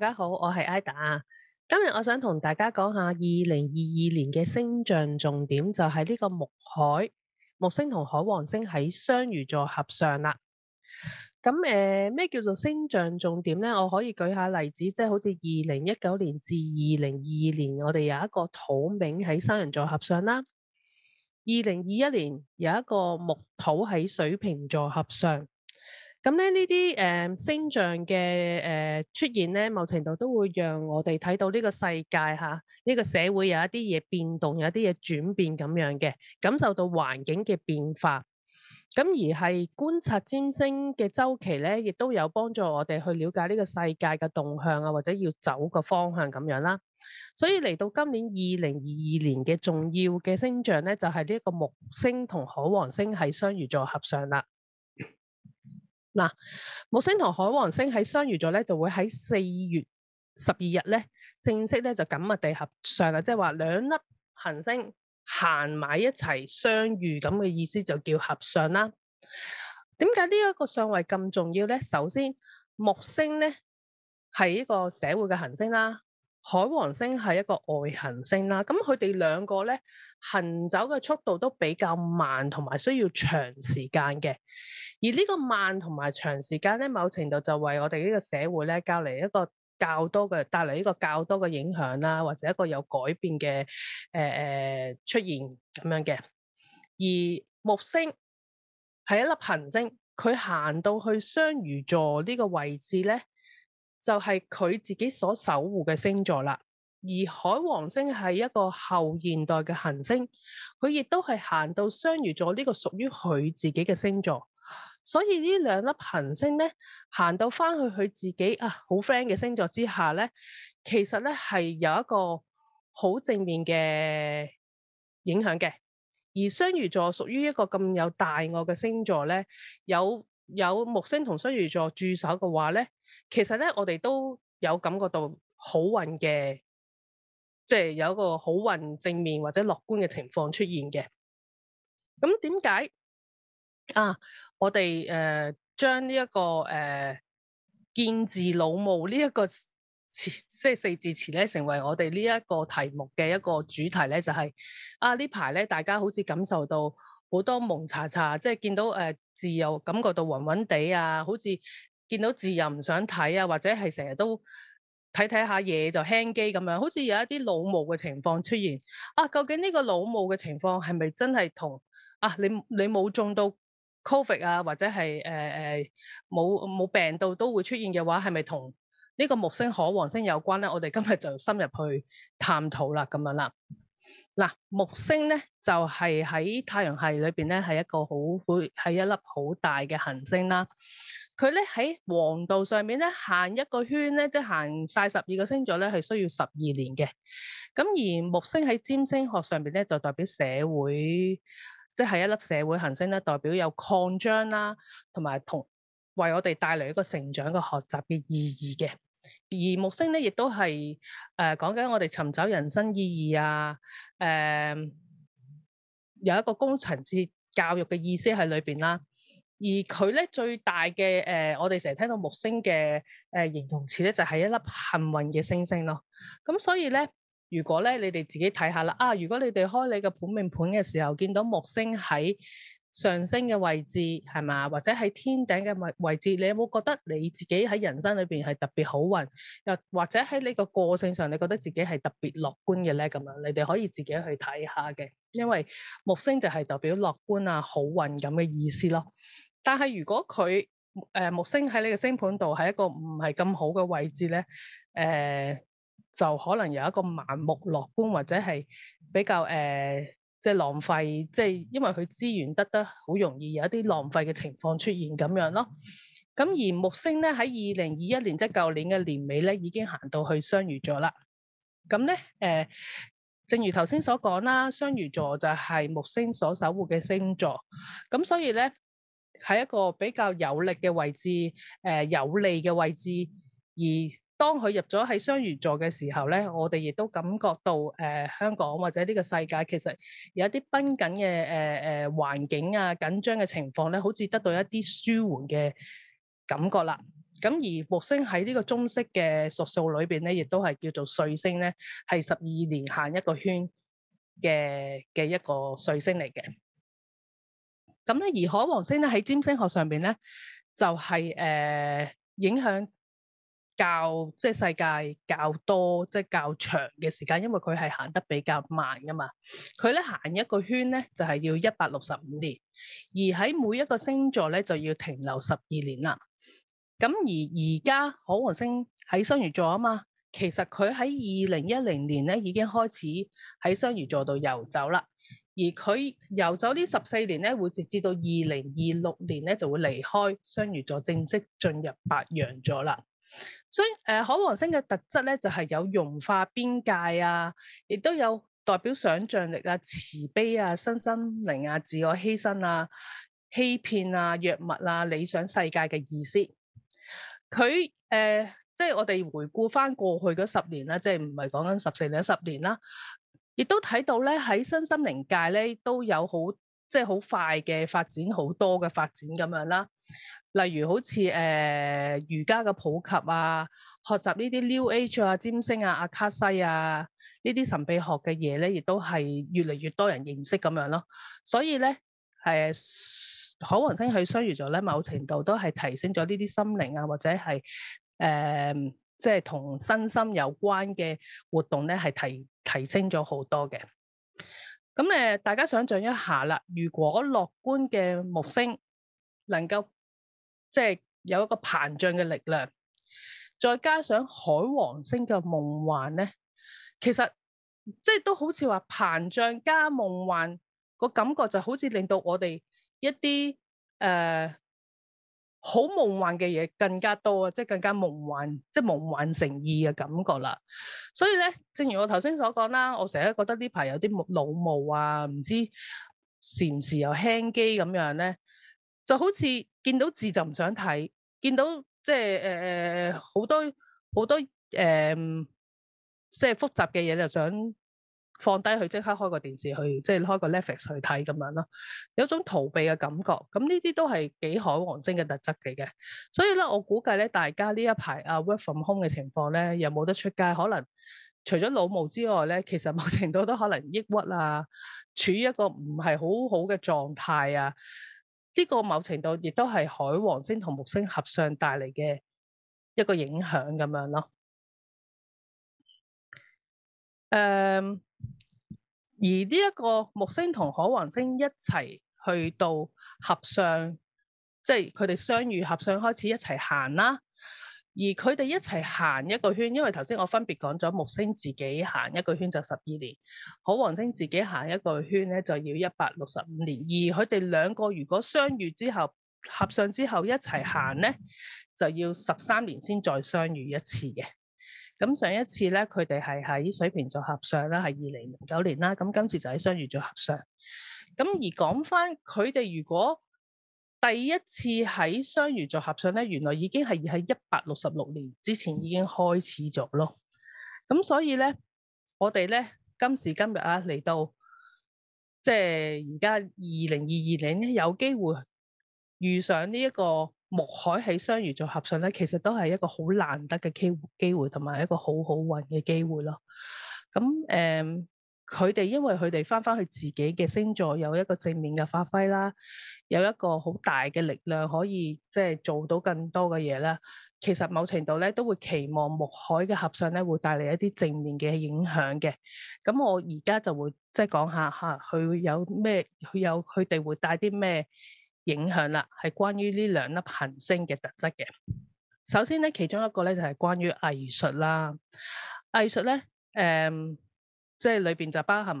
大家好，我係 Ida 今日我想同大家講下二零二二年嘅星象重點，就係呢個木海，木星同海王星喺雙魚座合上啦。咁誒，咩、呃、叫做星象重點咧？我可以舉一下例子，即、就、係、是、好似二零一九年至二零二二年，我哋有一個土命喺雙人座合上啦。二零二一年有一個木土喺水瓶座合上。咁咧呢啲誒星象嘅誒、呃、出現咧，某程度都會讓我哋睇到呢個世界吓，呢個社會有一啲嘢變動，有一啲嘢轉變咁樣嘅，感受到環境嘅變化。咁而係觀察占星嘅周期咧，亦都有幫助我哋去了解呢個世界嘅動向啊，或者要走個方向咁樣啦。所以嚟到今年二零二二年嘅重要嘅星象咧，就係呢一個木星同海王星喺雙魚座合上啦。嗱，木星同海王星喺相遇咗咧，就會喺四月十二日咧正式咧就緊密地合上啦，即係話兩粒行星行埋一齊相遇咁嘅意思就叫合相啦。點解呢一個相位咁重要咧？首先，木星咧係一個社會嘅行星啦。海王星係一個外行星啦，咁佢哋兩個咧，行走嘅速度都比較慢，同埋需要長時間嘅。而呢個慢同埋長時間咧，某程度就為我哋呢個社會咧，交嚟一個較多嘅，帶嚟一個較多嘅影響啦，或者一個有改變嘅誒誒出現咁樣嘅。而木星係一粒行星，佢行到去雙魚座呢個位置咧，就係佢自己所守護嘅星座啦，而海王星係一個後現代嘅行星，佢亦都係行到雙魚座呢個屬於佢自己嘅星座，所以呢兩粒行星咧行到翻去佢自己啊好 friend 嘅星座之下咧，其實咧係有一個好正面嘅影響嘅，而雙魚座屬於一個咁有大愛嘅星座咧，有有木星同雙魚座駐守嘅話咧。其實咧，我哋都有感覺到好運嘅，即係有一個好運正面或者樂觀嘅情況出現嘅。咁點解啊？我哋誒、呃、將呢、這、一個誒、呃、見字腦霧呢、這、一個詞，即係四字詞咧，成為我哋呢一個題目嘅一個主題咧，就係、是、啊呢排咧，大家好似感受到好多蒙查查，即係見到誒字又感覺到暈暈地啊，好似。見到字又唔想睇啊，或者係成日都睇睇下嘢就輕機咁樣，好似有一啲腦霧嘅情況出現啊！究竟呢個腦霧嘅情況係咪真係同啊你你冇中到 Covid 啊，或者係誒誒冇冇病到都會出現嘅話，係咪同呢個木星、海王星有關咧？我哋今日就深入去探討啦，咁樣啦。嗱、啊，木星咧就係、是、喺太陽系裏邊咧，係一個好會係一粒好大嘅行星啦。佢咧喺黃道上面咧行一個圈咧，即係行晒十二個星座咧，係需要十二年嘅。咁而木星喺占星學上邊咧，就代表社會，即、就、係、是、一粒社會行星啦，代表有擴張啦，同埋同為我哋帶來一個成長、嘅個學習嘅意義嘅。而木星咧，亦都係誒講緊我哋尋找人生意義啊，誒、呃、有一個高層次教育嘅意思喺裏邊啦。而佢咧最大嘅誒、呃，我哋成日聽到木星嘅誒形容詞咧，就係、是、一粒幸運嘅星星咯。咁所以咧，如果咧你哋自己睇下啦，啊，如果你哋開你個本命盤嘅時候，見到木星喺上升嘅位置，係嘛，或者喺天頂嘅位位置，你有冇覺得你自己喺人生裏邊係特別好運，又或者喺你個個性上，你覺得自己係特別樂觀嘅咧咁樣？你哋可以自己去睇下嘅，因為木星就係代表樂觀啊、好運咁嘅意思咯。但係如果佢誒、呃、木星喺你嘅星盤度係一個唔係咁好嘅位置咧，誒、呃、就可能有一個盲目樂觀或者係比較誒即係浪費，即、就、係、是、因為佢資源得得好容易有一啲浪費嘅情況出現咁樣咯。咁而木星咧喺二零二一年即係舊年嘅年尾咧已經行到去雙魚座啦。咁咧誒，正如頭先所講啦，雙魚座就係木星所守護嘅星座，咁所以咧。喺一個比較有力嘅位置，誒，有利嘅位置。而當佢入咗喺雙魚座嘅時候咧，我哋亦都感覺到誒香港或者呢個世界其實有一啲繃緊嘅誒誒環境啊，緊張嘅情況咧，好似得到一啲舒緩嘅感覺啦。咁而木星喺呢個中式嘅術數裏邊咧，亦都係叫做歲星咧，係十二年行一個圈嘅嘅一個歲星嚟嘅。咁咧，而海王星咧喺占星學上邊咧，就係、是、誒、呃、影響較即係世界較多即係較長嘅時間，因為佢係行得比較慢噶嘛。佢咧行一個圈咧，就係、是、要一百六十五年。而喺每一個星座咧，就要停留十二年啦。咁而而家海王星喺雙魚座啊嘛，其實佢喺二零一零年咧已經開始喺雙魚座度遊走啦。而佢遊走呢十四年咧，會直至到二零二六年咧，就會離開雙魚座，相正式進入白羊座啦。所以，誒海王星嘅特質咧，就係有融化邊界啊，亦都有代表想像力啊、慈悲啊、身心靈啊、自我犧牲啊、欺騙啊、藥物啊、理想世界嘅意思。佢誒，即、呃、係、就是、我哋回顧翻過去嗰十年啦，即係唔係講緊十四年，十、就是、年啦。亦都睇到咧，喺身心靈界咧都有好即係好快嘅發展，好多嘅發展咁樣啦。例如好似誒、呃、瑜伽嘅普及啊，學習呢啲 New Age 啊、占星啊、阿、啊、卡西啊呢啲神秘學嘅嘢咧，亦都係越嚟越多人認識，咁樣咯。所以咧，誒，可能聽佢相遇咗海王星喺雙魚座咧，某程度都係提升咗呢啲心靈啊，或者係誒即係同身心有關嘅活動咧，係提。提升咗好多嘅，咁咧大家想像一下啦，如果樂觀嘅木星能夠即係、就是、有一個膨脹嘅力量，再加上海王星嘅夢幻呢，其實即係、就是、都好似話膨脹加夢幻個感覺，就好似令到我哋一啲誒、呃好夢幻嘅嘢更加多啊，即係更加夢幻，即係夢幻成意嘅感覺啦。所以咧，正如我頭先所講啦，我成日覺得呢排有啲腦霧啊，唔知時唔時又輕機咁樣咧，就好似見到字就唔想睇，見到即係誒誒好多好多誒、呃、即係複雜嘅嘢就想。放低佢即刻開個電視去，即係開個 Netflix 去睇咁樣咯，有種逃避嘅感覺。咁呢啲都係幾海王星嘅特質嚟嘅。所以咧，我估計咧，大家呢一排啊 Work from home 嘅情況咧，又冇得出街，可能除咗老母之外咧，其實某程度都可能抑鬱啊，處於一個唔係好好嘅狀態啊。呢個某程度亦都係海王星同木星合相帶嚟嘅一個影響咁樣咯。誒、um。而呢一個木星同海王星一齊去到合相，即係佢哋相遇合相開始一齊行啦。而佢哋一齊行一個圈，因為頭先我分別講咗木星自己行一個圈就十二年，海王星自己行一個圈咧就要一百六十五年。而佢哋兩個如果相遇之後合相之後一齊行咧，就要十三年先再相遇一次嘅。咁上一次咧，佢哋係喺水瓶座合上啦，係二零零九年啦。咁今次就喺雙魚座合相。咁而講翻佢哋，如果第一次喺雙魚座合相咧，原來已經係喺一百六十六年之前已經開始咗咯。咁所以咧，我哋咧今時今日啊，嚟到即係而家二零二二年咧，有機會遇上呢一個。木海喺雙魚座合相咧，其實都係一個好難得嘅機機會，同埋一個好好運嘅機會咯。咁誒，佢、嗯、哋因為佢哋翻翻去自己嘅星座，有一個正面嘅發揮啦，有一個好大嘅力量可以即係、就是、做到更多嘅嘢啦。其實某程度咧都會期望木海嘅合相咧會帶嚟一啲正面嘅影響嘅。咁我而家就會即係講一下吓，佢有咩，佢有佢哋會帶啲咩？影響啦，係關於呢兩粒行星嘅特質嘅。首先咧，其中一個咧就係、是、關於藝術啦。藝術咧，誒、嗯，即係裏邊就包含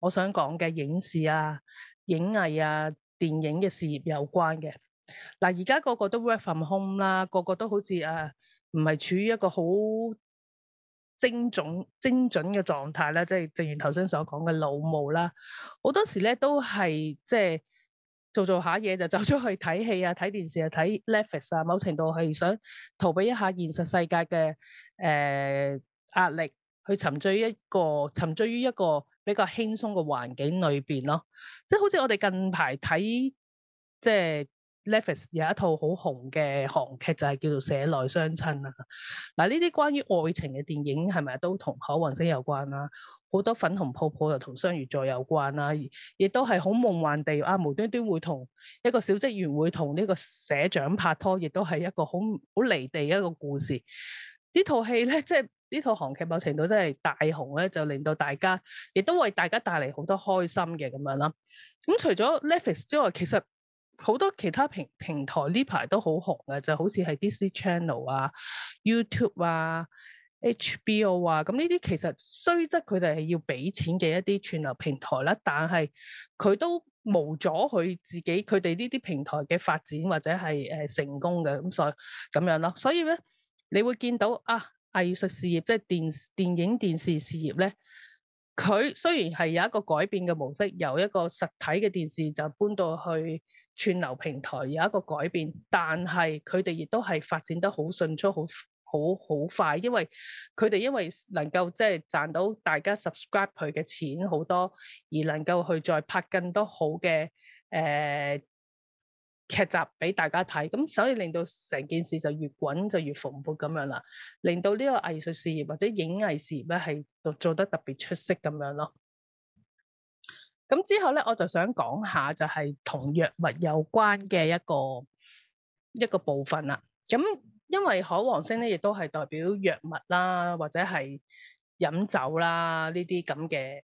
我想講嘅影視啊、影藝啊、電影嘅事業有關嘅。嗱、啊，而家個個都 work from home 啦，個個都好似誒，唔、啊、係處於一個好精準、精準嘅狀態、就是、啦。即係正如頭先所講嘅腦霧啦，好多時咧都係即係。就是做做下嘢就走出去睇戲啊、睇電視啊、睇 Netflix 啊，某程度係想逃避一下現實世界嘅誒壓力，去沉醉一個沉醉於一個比較輕鬆嘅環境裏邊咯。即係好似我哋近排睇即係 Netflix 有一套好紅嘅韓劇，就係叫做《社內相親》啊。嗱，呢啲關於愛情嘅電影係咪都同可運星有關啊？好多粉紅泡泡又同雙魚座有關啦，亦都係好夢幻地啊，無端端會同一個小職員會同呢個社長拍拖，亦都係一個好好離地嘅一個故事。呢套戲呢，即係呢套韓劇某程度都係大紅呢，就令到大家亦都為大家帶嚟好多開心嘅咁樣啦。咁除咗 Netflix 之外，其實好多其他平平台呢排都好紅嘅，就好似係 Disney Channel 啊、YouTube 啊。HBO 啊，咁呢啲其實雖則佢哋係要俾錢嘅一啲串流平台啦，但係佢都無阻佢自己佢哋呢啲平台嘅發展或者係誒成功嘅，咁所以咁樣咯。所以咧，以你會見到啊，藝術事業即係電電影電視事業咧，佢雖然係有一個改變嘅模式，由一個實體嘅電視就搬到去串流平台有一個改變，但係佢哋亦都係發展得好迅速，好。好好快，因為佢哋因為能夠即係賺到大家 subscribe 佢嘅錢好多，而能夠去再拍更多好嘅誒劇集俾大家睇，咁所以令到成件事就越滾就越蓬勃咁樣啦，令到呢個藝術事業或者影藝事業咧係做得特別出色咁樣咯。咁之後咧，我就想講下就係同藥物有關嘅一個一個部分啦。咁因為海王星咧，亦都係代表藥物啦，或者係飲酒啦，呢啲咁嘅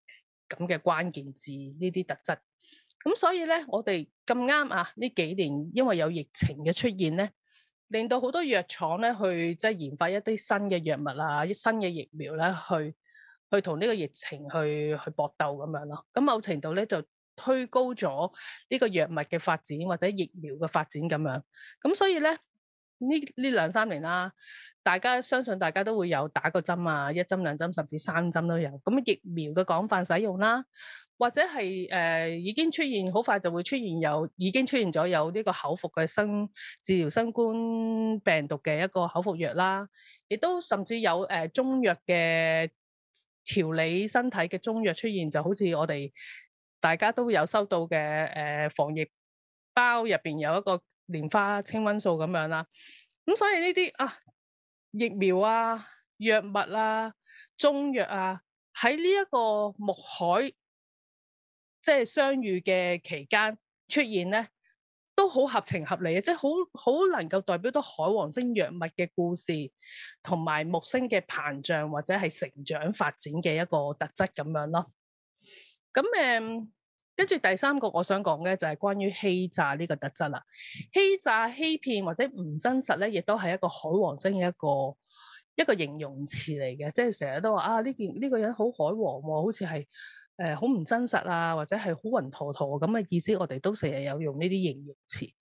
咁嘅關鍵字呢啲特質。咁所以咧，我哋咁啱啊呢幾年，因為有疫情嘅出現咧，令到好多藥廠咧去即係研發一啲新嘅藥物啊、新嘅疫苗咧，去去同呢個疫情去去搏鬥咁樣咯。咁某程度咧，就推高咗呢個藥物嘅發展或者疫苗嘅發展咁樣。咁所以咧。呢呢兩三年啦，大家相信大家都會有打個針啊，一針兩針甚至三針都有。咁疫苗嘅廣泛使用啦，或者係、呃、已經出現，好快就會出現有已經出現咗有呢個口服嘅新治療新冠病毒嘅一個口服藥啦，亦都甚至有、呃、中藥嘅調理身體嘅中藥出現，就好似我哋大家都有收到嘅、呃、防疫包入面有一個。蓮花、清瘟素咁樣啦，咁所以呢啲啊疫苗啊、藥物啊、中藥啊，喺呢一個木海即係、就是、相遇嘅期間出現咧，都好合情合理嘅，即係好好能夠代表到海王星藥物嘅故事，同埋木星嘅膨脹或者係成長發展嘅一個特質咁樣咯。咁誒。嗯。跟住第三個我想講嘅就係關於欺詐呢個特質啦。欺詐、欺騙或者唔真實咧，亦都係一個海王星嘅一個一個形容詞嚟嘅，即係成日都話啊呢件呢個人好海王喎，啊，好似係誒好唔真實啊，或者係好雲陀陀咁嘅意思。我哋都成日有用呢啲形容詞。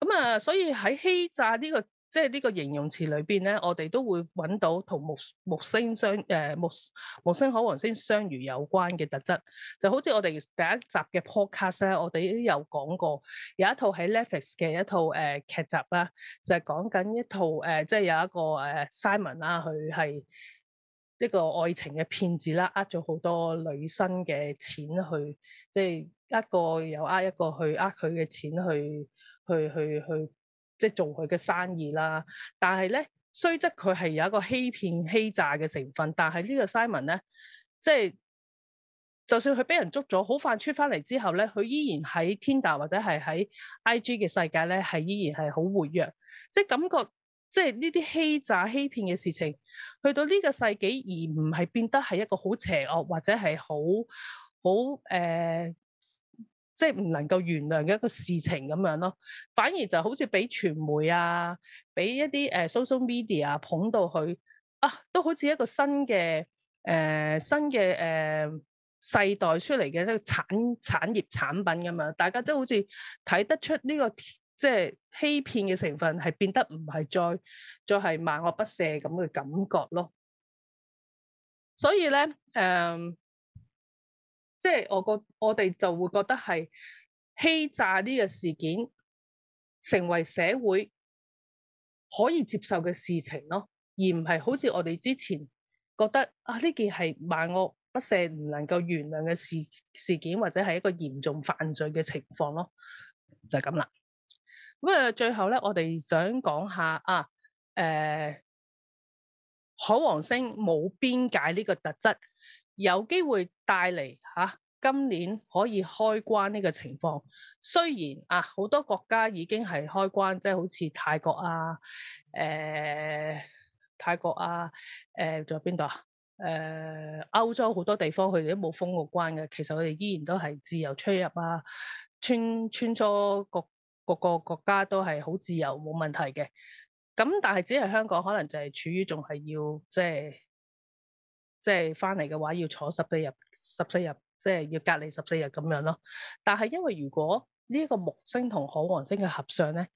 咁啊，所以喺欺詐呢個即係呢個形容詞裏邊咧，我哋都會揾到同木木星相誒木木星海王星相遇有關嘅特質，就好似我哋第一集嘅 podcast 咧，我哋都有講過，有一套喺 Netflix 嘅一套誒劇集啦，就係講緊一套誒，即係有一個誒 Simon 啦，佢係一個愛情嘅騙子啦，呃咗好多女生嘅錢去，即係一個又呃一個去呃佢嘅錢去，去去去。去即係做佢嘅生意啦，但係咧，雖則佢係有一個欺騙、欺詐嘅成分，但係呢個 Simon 咧，即係就算佢俾人捉咗，好快出翻嚟之後咧，佢依然喺 Tinder 或者係喺 IG 嘅世界咧，係依然係好活躍。即係感覺，即係呢啲欺詐、欺騙嘅事情，去到呢個世紀而唔係變得係一個好邪惡或者係好好誒。即係唔能夠原諒嘅一個事情咁樣咯，反而就好似俾傳媒啊，俾一啲誒 social media 捧到佢，啊，都好似一個新嘅誒、呃、新嘅誒、呃、世代出嚟嘅一個產產業產品咁樣，大家都好似睇得出呢、這個即係、就是、欺騙嘅成分係變得唔係再再係萬惡不赦咁嘅感覺咯。所以咧誒。嗯即係我覺，我哋就會覺得係欺詐呢個事件成為社會可以接受嘅事情咯，而唔係好似我哋之前覺得啊，呢件係萬惡不赦唔能夠原諒嘅事事件，或者係一個嚴重犯罪嘅情況咯，就係咁啦。咁啊，最後咧，我哋想講下啊，誒、呃，海王星冇邊界呢個特質。有機會帶嚟吓、啊，今年可以開關呢個情況。雖然啊，好多國家已經係開關，即係好似泰國啊、誒、呃、泰國啊、誒、呃、仲有邊度啊？誒、呃、歐洲好多地方佢哋都冇封過關嘅，其實佢哋依然都係自由出入啊，穿穿梭各各個國家都係好自由冇問題嘅。咁但係只係香港可能就係處於仲係要即係。即係即係翻嚟嘅話，要坐十四日，十四日即係要隔離十四日咁樣咯。但係因為如果呢一個木星同海王星嘅合相咧，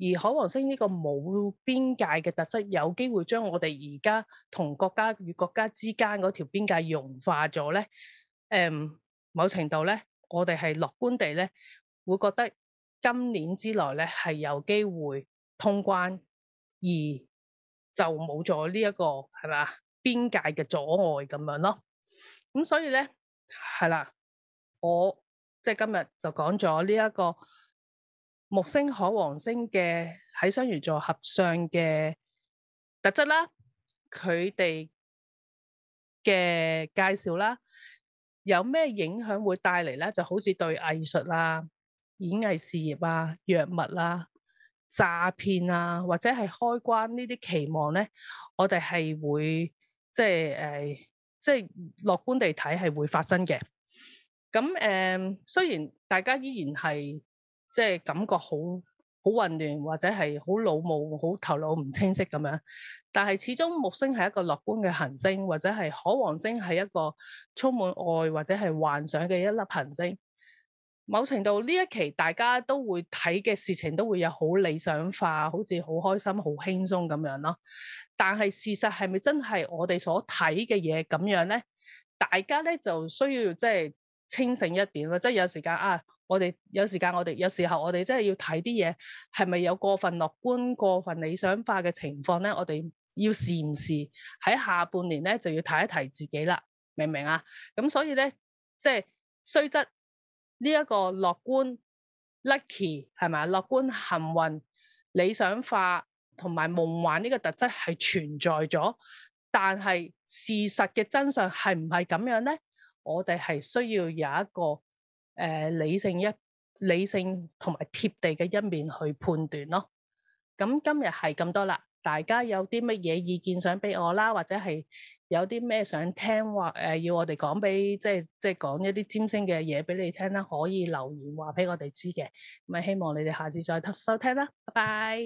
而海王星呢個冇邊界嘅特質，有機會將我哋而家同國家與國家之間嗰條邊界融化咗咧。誒、嗯，某程度咧，我哋係樂觀地咧，會覺得今年之內咧係有機會通關，而就冇咗呢一個係咪？邊界嘅阻礙咁樣咯，咁所以咧係啦，我即係今日就講咗呢一個木星海王星嘅喺雙魚座合相嘅特質啦，佢哋嘅介紹啦，有咩影響會帶嚟咧？就好似對藝術啊、演藝事業啊、藥物啊、詐騙啊，或者係開關呢啲期望咧，我哋係會。即係誒，即係樂觀地睇係會發生嘅。咁誒、嗯，雖然大家依然係即係感覺好好混亂，或者係好腦霧、好頭腦唔清晰咁樣，但係始終木星係一個樂觀嘅行星，或者係海王星係一個充滿愛或者係幻想嘅一粒行星。某程度呢一期，大家都會睇嘅事情，都會有好理想化，好似好開心、好輕鬆咁樣咯。但係事實係咪真係我哋所睇嘅嘢咁樣咧？大家咧就需要即係、就是、清醒一點，即係有時間啊，我哋有時間，啊、我哋有，有時候我哋真係要睇啲嘢係咪有過分樂觀、過分理想化嘅情況咧？我哋要時唔時喺下半年咧就要睇一睇自己啦，明唔明啊？咁所以咧，即係雖則。雖呢、這、一個樂觀、lucky 係咪啊？樂觀、幸運、理想化同埋夢幻呢個特質係存在咗，但係事實嘅真相係唔係咁樣咧？我哋係需要有一個誒、呃、理性一理性同埋貼地嘅一面去判斷咯。咁今日係咁多啦。大家有啲乜嘢意見想俾我啦，或者係有啲咩想聽或、呃、要我哋講俾即係即係講一啲占星嘅嘢俾你聽啦，可以留言話俾我哋知嘅，咪希望你哋下次再收聽啦，拜拜。